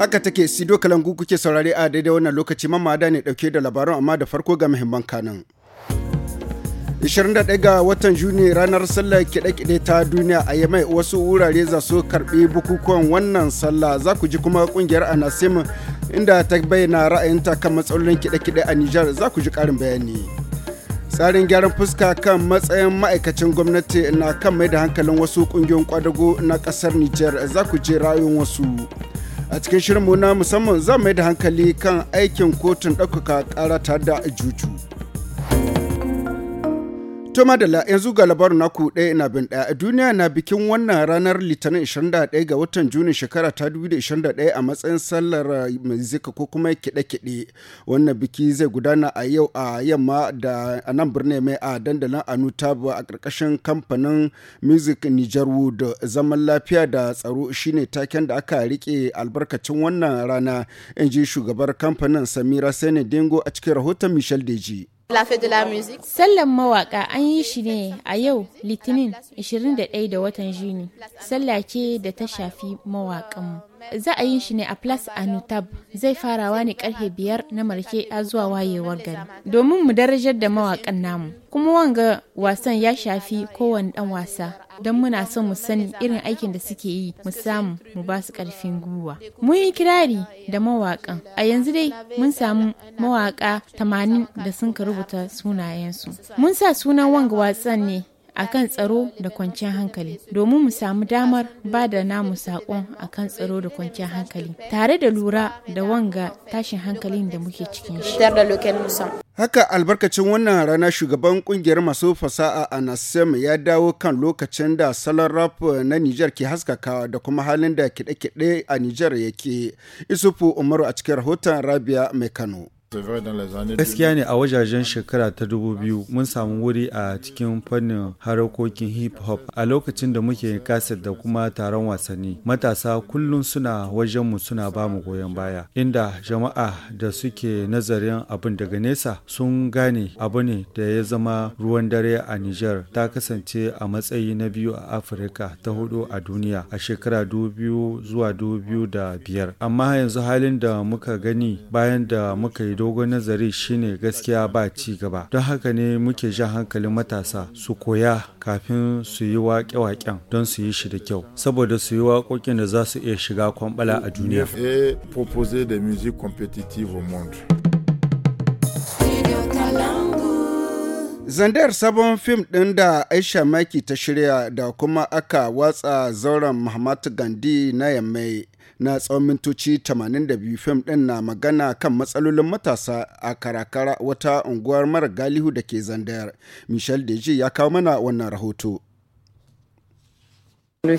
Haka take Sido Kalangu kuke saurare a daidai wannan lokaci mamada ne dauke da labaran amma da farko ga muhimman kanan. 21 ga watan Juni ranar sallar kide kide ta duniya a Yamai wasu wurare za su karɓi bukukuwan wannan sallah za ku ji kuma kungiyar Anasim inda ta bayyana ra'ayinta kan matsalolin kide kide a Nijar za ku ji karin bayani. Tsarin gyaran fuska kan matsayin ma'aikacin gwamnati na kan mai da hankalin wasu kungiyoyin kwadago na kasar Nijar za ku je rayuwar wasu. a cikin shirin na musamman zan mai da hankali kan aikin kotun ɗaukaka ƙara tare da juju. To madalla yanzu ga labarin naku ɗaya ina bin ɗaya duniya na bikin wannan ranar litinin 21 ga watan junin shekara ta 2021 a matsayin sallar zika eh, ko kuma kiɗe-kiɗe. Wannan biki zai gudana a yau a yamma da a nan birni mai a dandalin anu tabu a ƙarƙashin kamfanin Music niger wood zaman lafiya da tsaro shine taken da aka rike albarkacin wannan rana in ji shugabar kamfanin Samira Sene Dingo a cikin rahoton Michel Deji. Sallan mawaƙa an yi shi ne a yau Litinin 21 da watan Juni. Sallah ce da ta shafi mawaƙanmu. za a yi shi ne a a Anutab zai farawa ne karfe biyar na marke a zuwa wayewar gari. Domin mu darajar da mawakan namu. Kuma wanga wasan ya shafi kowane ɗan wasa. Don muna son mu sani irin aikin da suke yi mu samu mu ba su ƙarfin gwiwa. Mun yi kirari da mawakan A yanzu dai mun samu mawaƙa tamanin da sun ka rubuta sunayensu. Mun sa sunan wanga wasan ne akan tsaro da kwanciyar hankali domin mu samu damar ba da namu saƙon akan tsaro da kwanciyar hankali tare da lura da wanga tashin hankalin da muke cikin shi. Haka albarkacin wannan rana shugaban kungiyar masu fasaha a Nassim ya dawo kan lokacin da salon rap na Nijar ke haskakawa da kuma halin da kiɗe-kiɗe a Nijar yake. Isufu Umaru a cikin rahoton Rabia Mai Kano. Gaskiya ne a wajajen shekara ta dubu biyu mun samu wuri a cikin fannin harakokin hip hop a lokacin da muke kaset da kuma taron wasanni. Matasa kullum suna wajen mu suna ba mu goyon baya inda jama'a da suke nazarin abin daga nesa sun gane abu ne da ya zama ruwan dare a Niger ta kasance a matsayi na biyu a Afirka ta hudu a duniya a shekara dubu biyu zuwa dubu biyu da biyar. Amma yanzu halin da muka gani bayan da muka yi dogon nazari shine gaskiya ba ci gaba. Don haka ne muke jan hankalin matasa su koya kafin su yi waƙe-waƙen don su yi shi da kyau. Saboda su yi waƙoƙin da za su iya shiga kwambala a duniya. Zandar sabon fim ɗin da Aisha Maki ta shirya da kuma aka watsa zauren Muhammadu Gandhi na Yammai na tsawon mintoci 82 fim ɗin na magana kan matsalolin matasa a karakara wata unguwar mara galihu da ke zandar michel deji ya kawo mana wannan rahoto Wanga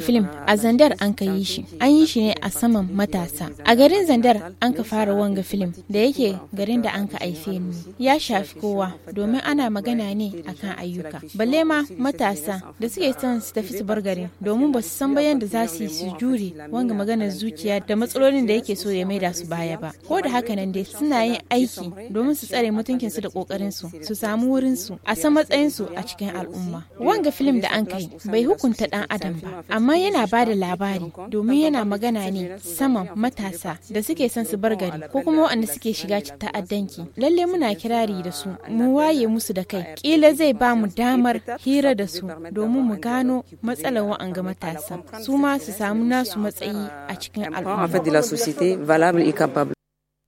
film euh, a Zandar an ka yi shi, an yi shi ne a saman matasa. A garin Zandar an ka fara wanga film da yake garin da an ka aife ni. Ya shafi kowa domin ana magana ne akan ayyuka. Balle ma matasa da suke son su tafi su bar garin domin ba su san bayan da za su yi su jure wanga maganar zuciya da matsalolin da yake so ya maida su baya ba. Ko da haka nan dai suna yin aiki domin su tsare mutuncinsu da kokarinsu su samu wurinsu a san matsayinsu a cikin al'umma. Wanga film da an kai bai hukunta ɗan adam ba, amma yana ba da labari domin yana magana ne saman matasa da suke son su bar gari ko kuma waɗanda suke shiga ta'addanki. Lalle muna kirari da su, mu waye musu da kai, ƙila zai ba mu damar hira da su domin mu gano matsalar wa'anga matasa, su ma su samu nasu matsayi a cikin al'umma.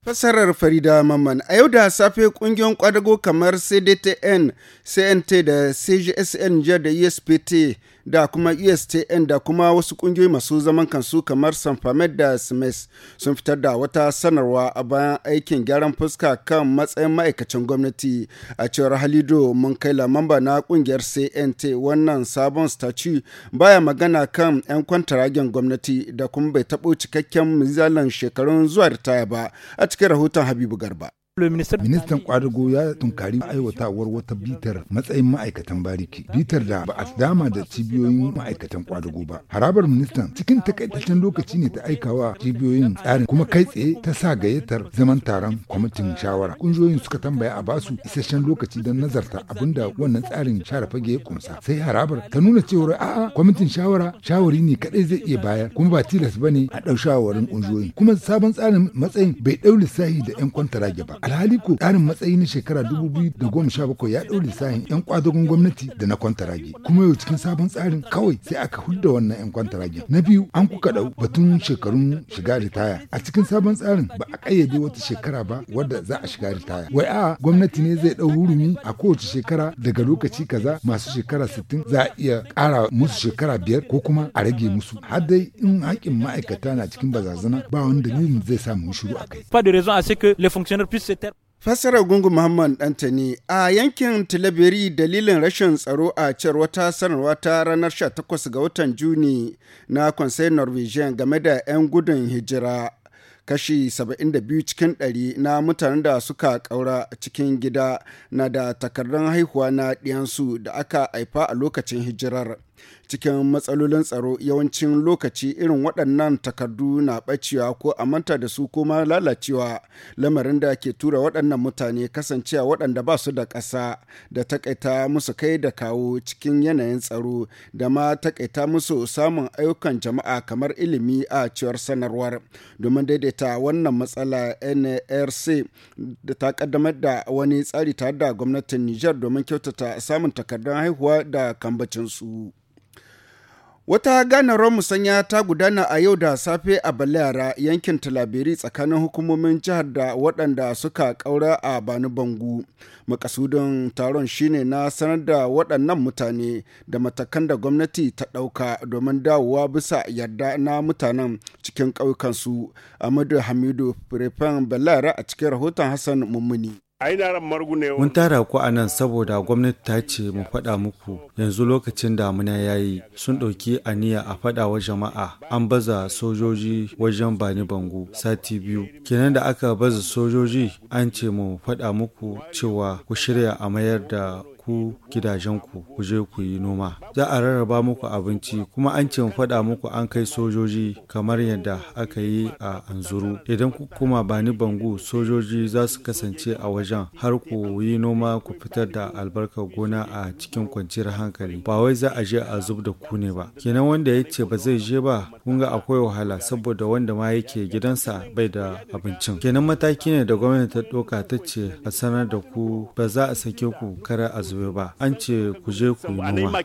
Fasarar Farida Mamman a yau da safe kungiyoyin kwadago kamar CDTN, CNT da CGSN da USPT e da kuma estn da kuma wasu kungiyoyi masu zaman kansu kamar sanfamed da Smith sun fitar da wata sanarwa a bayan aikin gyaran fuska kan matsayin ma'aikacin gwamnati a cewar halido mun kai lamamba na kungiyar cnt wannan sabon staci baya magana kan 'yan kwantaragen gwamnati da kuma bai taɓo cikakken mizalan shekarun zuwa ritaya ba a cikin rahoton habibu garba Ministan kwadago ya tunkari aiwatawar wata bitar matsayin ma'aikatan bariki, bitar da ba a dama da cibiyoyin ma'aikatan ƙwadago ba. Harabar ministan cikin takaitaccen lokaci ne ta aikawa cibiyoyin tsarin kuma kai tsaye ta sa gayyatar zaman taron kwamitin shawara. Kungiyoyin suka tambaya a basu isasshen lokaci don nazarta abinda wannan tsarin share fage ya kumsa. Sai harabar ta nuna cewa a'a kwamitin shawara shawari ne kadai zai iya bayar kuma ba tilas ba ne a ɗau shawarin kungiyoyin. Kuma sabon tsarin matsayin bai ɗau lissahi da 'yan kwantara ba. alhali ko tsarin matsayi na shekara 2017 ya ɗaure sahin 'yan kwadagon gwamnati da na kwantarage kuma yau cikin sabon tsarin kawai sai aka hulda wannan 'yan kwantarage. na biyu an kuka ɗau batun shekarun shiga ritaya a cikin sabon tsarin ba a ƙayyade wata shekara ba wadda za a shiga ritaya wai a gwamnati ne zai ɗau hurumi a kowace shekara daga lokaci kaza masu shekara 60 za a iya ƙara musu shekara biyar ko kuma a rage musu har dai in hakkin ma'aikata na cikin bazazana ba wani dalilin zai samu shiru a kai. Pas de raison à ce que les fonctionnaires puissent Fassarar gungun Muhammad Dantani a yankin Tilaberi dalilin rashin tsaro a cewar wata sanarwa ta ranar 18 ga watan Juni na Conseil Norwegian game da 'yan gudun hijira. Kashi 72 cikin 100 na mutanen da suka kaura cikin gida na da takardun haihuwa na ɗiyansu da aka haifa a lokacin hijirar. Cikin matsalolin tsaro yawancin lokaci irin waɗannan takardu na ɓacewa ko a manta da su kuma lalacewa lamarin da ke tura waɗannan mutane kasancewa waɗanda ba su da ƙasa da takaita musu kai da kawo cikin yanayin tsaro da ma taƙaita musu samun ayyukan jama'a kamar ilimi a cewar sanarwar domin daidaita wannan matsala nrc da ta ƙaddamar da wani tsari tare da gwamnatin niger domin kyautata samun takardun haihuwa da kambacinsu. su Wata ganawar musanya ta gudana a yau da safe a Balayara yankin Talabiri tsakanin hukumomin jihar da waɗanda suka ƙaura a Bani Bangu. Makasudin taron shine na sanar da waɗannan mutane da matakan da gwamnati ta ɗauka domin dawowa bisa yarda na mutanen cikin ƙauyukansu. Amadu Hamidu Firifan Balayara a cikin rahoton Hassan Mummuni. Mun tara ku a nan saboda gwamnati ta ce mu faɗa muku yanzu lokacin damuna ya yi sun ɗauki aniya a faɗa wa jama'a an baza sojoji wajen bani bango sati biyu. Kenan da aka baza sojoji an ce mu faɗa muku cewa ku shirya a mayar da ku gidajenku ku je ku yi noma za a rarraba muku abinci kuma an ce faɗa muku an kai sojoji kamar yadda aka yi a anzuru idan ku kuma ni bangu sojoji za su kasance a wajen har ku yi noma ku fitar da albarkar gona a cikin kwanciyar hankali ba wai za a je a zub da ku ne ba kenan wanda ya ce ba zai je ba kun ga akwai wahala saboda wanda ma yake gidansa bai da abincin kenan mataki ne da gwamnati ta ɗauka ta ce a sanar da ku ba za a sake ku kara a zube ba an ce ku je ku noma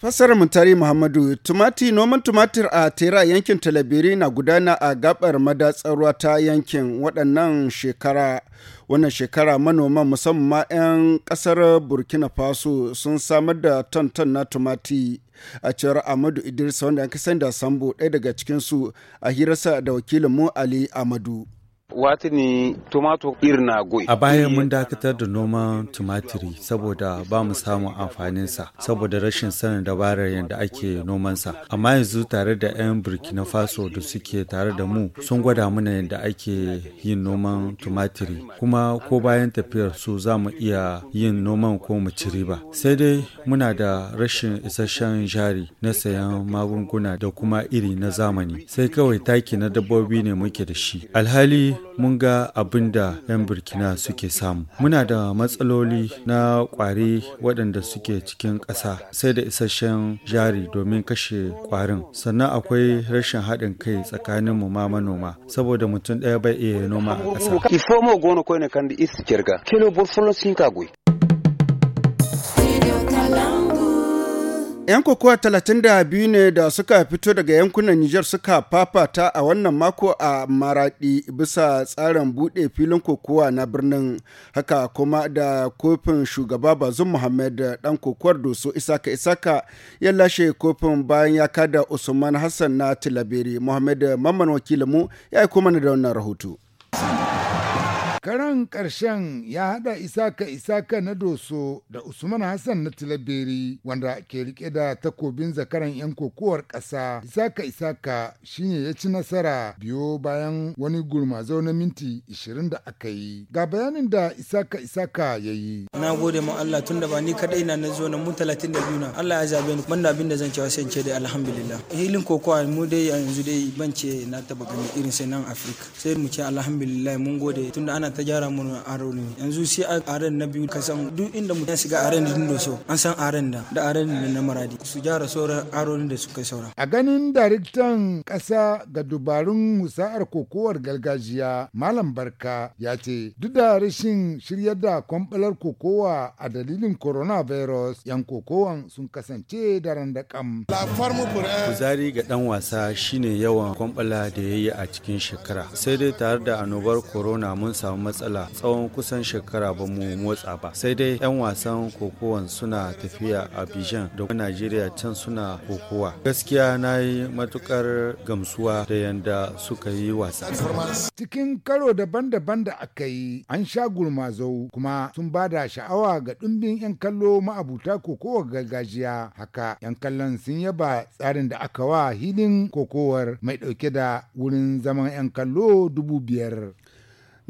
Fassarar Mutari Muhammadu, tumati noman tumatir a tera yankin talabiri na gudana a gabar madatsarwa ta yankin waɗannan shekara. Wannan shekara manoman musamman ma 'yan ƙasar Burkina Faso sun samar da tonton na tumati. A cewar Amadu Idris wanda an da Sambo ɗaya daga cikinsu a hirarsa da wakilin mu Ali Amadu. watini tomato na goyi a baya mun dakatar da noman tumatiri saboda ba mu samun amfaninsa saboda rashin sanin dabarar yadda ake nomansa amma yanzu tare da 'yan burkina faso da suke tare da mu sun gwada mana yadda ake yin noman tumatiri kuma ko bayan tafiyar su za mu iya yin noman ko mu ci riba sai dai muna da rashin isasshen jari na sayan magunguna da kuma iri na zamani sai kawai taki na dabbobi ne muke da shi alhali mun ga abin da 'yan burkina suke samu muna da matsaloli na kwari waɗanda suke cikin ƙasa sai da isasshen jari domin kashe kwarin sannan akwai rashin haɗin kai tsakanin mu ma manoma saboda mutum ɗaya bai iya noma a ƙasa 'Yan kokowa 32 ne da suka fito daga yankunan Nijar suka fafata a wannan mako a maraɗi bisa tsarin buɗe filin kokowa na birnin haka kuma da kofin shugaba Bazum Muhammad dan kokowar Doso Isaka Isaka ya lashe kofin bayan ya kada Usman Hassan na Tilaberi Muhammad Mamman wakilinmu ya yi kuma da wannan rahoto. Karan ƙarshen ya haɗa Isaka Isaka na Doso da Usman Hassan na Tilaberi wanda ke rike da takobin zakaran 'yan kokowar ƙasa. Isaka Isaka shine ya ci nasara biyo bayan wani gurma na minti 20 da aka yi. Ga bayanin da Isaka Isaka ya yi. Na gode ma Allah da ba ni kaɗai na zo na mu 32 na. Allah ya zabe ni. Banda abin da zan cewa sai ce dai alhamdulillah. Hilin kokowa mu dai yanzu dai ban ce na taba gani irin sai nan Afirka. Sai mu ce alhamdulillah mun gode da ana ana ta gyara mana aron ne yanzu sai a na biyu kasan duk inda mutum shiga aron din da so an san aron da da aron da na maradi su gyara sauran aronin da suka saura a ganin daraktan kasa ga dubarun musa'ar kokowar gargajiya malam barka ya ce duk da rashin shiryar da kwambalar kokowa a dalilin coronavirus yan kokowan sun kasance da randakam kuzari ga dan wasa shine yawan kwambala da ya yi a cikin shekara sai dai tare da annobar corona mun samu matsala tsawon kusan shekara ba mu motsa ba sai dai 'yan wasan kokowan suna tafiya a bijan da najeriya can suna kokowa gaskiya na yi matukar gamsuwa da yanda suka yi wasa cikin karo daban-daban da aka yi an sha gurmazau kuma sun ba da sha'awa ga ɗumbin 'yan kallo ma'abuta kokowar gargajiya haka 'yan kallon sun yaba tsarin da aka wa hilin kokowar mai ɗauke da wurin zaman 'yan kallo dubu biyar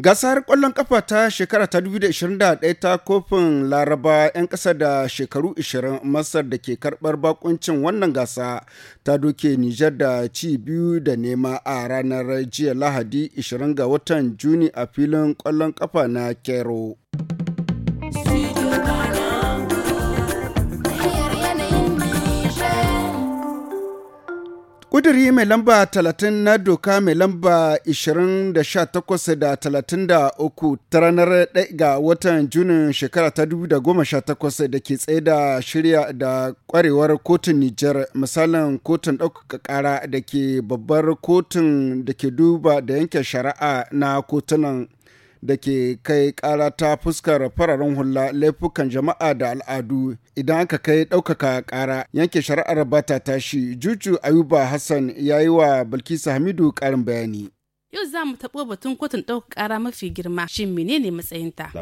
Gasar kwallon kafa ta shekara ta 2021 ta kofin Laraba 'yan ƙasa da shekaru 20 Masar da ke karbar bakuncin wannan gasa ta doke Nijar da ci biyu da nema a ranar jiya Lahadi 20 ga watan Juni a filin kwallon kafa na Kero. Ƙuduri mai lamba 30 na doka mai lamba 28 da 33 ta ranar 1 ga watan Junin shekara ta 2018 da ke tsaye da shirya da kwarewar kotun Nijar misalin kotun ɗaukaka ƙara da ke babbar kotun da ke duba da yanke shari'a na kotunan da ke kai kara ta fuskar fararen hula laifukan jama'a da al'adu idan aka kai ɗaukaka ƙara, yanke shari'ar bata tashi juju ayuba hassan ya yi wa bilkisu hamidu ƙarin bayani Yau za mu taɓo batun kotun ɗaukar ƙara mafi girma shin menene matsayinta?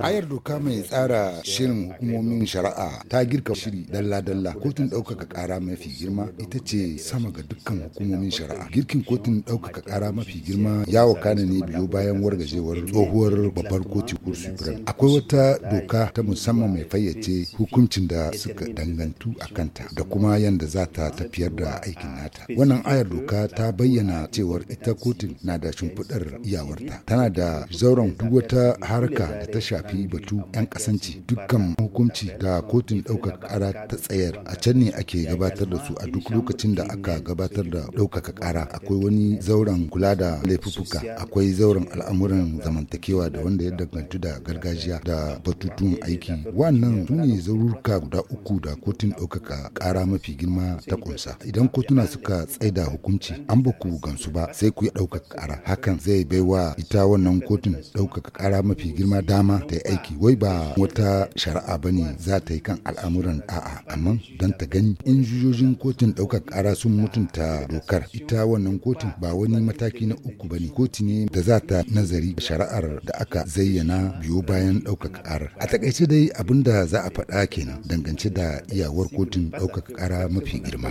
Ayar doka mai tsara shirin hukumomin shari'a ta girka shiri dalla-dalla kotun ɗaukaka ƙara mafi girma ita ce sama ga dukkan hukumomin shari'a. Girkin kotun ɗaukaka ƙara mafi girma ya wakana ne biyu bayan wargajewar tsohuwar babbar kotu kur Supreme. Akwai wata doka ta musamman mai fayyace hukuncin da suka dangantu a kanta da kuma yadda za ta tafiyar da aikin nata. Wannan ayar doka ta bayyana cewar ita kotun na da shimfiɗar iyawarta tana da zauren duk wata harka da ta shafi batu 'yan kasanci dukkan hukunci da kotun ɗaukaka ƙara ta tsayar a can ne ake gabatar da su a duk lokacin da aka gabatar da ɗaukaka ƙara akwai wani zauren kula da laifuffuka akwai zauren al'amuran zamantakewa da wanda ya danganci da gargajiya da batutun aiki wannan su ne zaururka guda uku da kotun ɗaukaka ƙara mafi girma ta ƙunsa idan kotuna suka tsaida hukunci an ba ku gansu ba sai ku yi ɗaukaka kara hakan zai baiwa ita wannan kotun ɗaukaka kara mafi girma dama ta yi aiki wai ba wata shari'a ba ne za ta yi kan al'amuran a'a amma don ta gani in jujojin kotun ɗaukaka ƙara sun mutunta dokar ita wannan kotun ba wani mataki na uku ba ne kotu ne da za ta nazari shari'ar da aka zayyana biyo bayan ɗaukaka ƙara a takaice dai abin da za a faɗa kenan dangance da iyawar kotun ɗaukaka ƙara mafi girma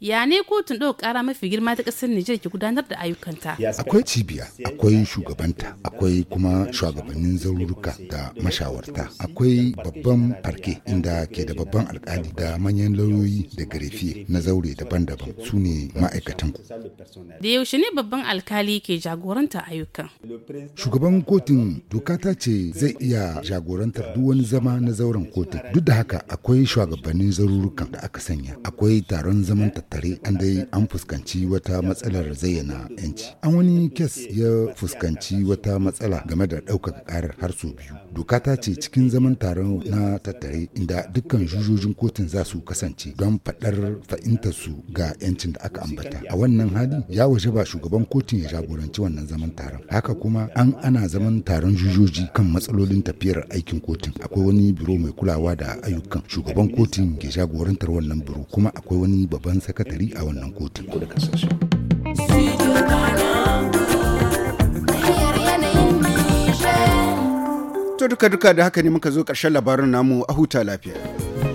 ya ne kotun ɗaukaka ƙara mafi girma ta ƙasar Nijar ke gudanar da ayyukanta akwai cibiya akwai shugabanta akwai kuma shugabannin zaruruka da mashawarta akwai babban farke inda ke da babban alkali da manyan lauyoyi da garefi na zaure daban-daban su ne ma'aikatan ku da yaushe ne babban alkali ke jagoranta ayyukan shugaban kotun doka ta ce zai iya jagorantar duk wani zama na zauren kotun duk da haka akwai shugabannin zarurukan da aka sanya akwai taron zaman tattare an dai an fuskanci wata matsalar zayyana 'yanci an wani kes ya fuskanci wata matsala game da ɗaukaka ƙarar har sau biyu doka ta ce cikin zaman taron na tattare inda dukkan jujojin kotun za su kasance don faɗar su ga 'yancin da aka ambata a wannan hali ya waje ba shugaban kotun ya jagoranci wannan zaman taron haka kuma an ana zaman taron jujoji kan matsalolin tafiyar aikin kotun akwai wani biro mai kulawa da ayyukan shugaban kotun ke jagorantar wannan biro kuma akwai wani babban sakatari a wannan kotun. To duka-duka da haka ne muka zo ƙarshen labarin namu a huta lafiya.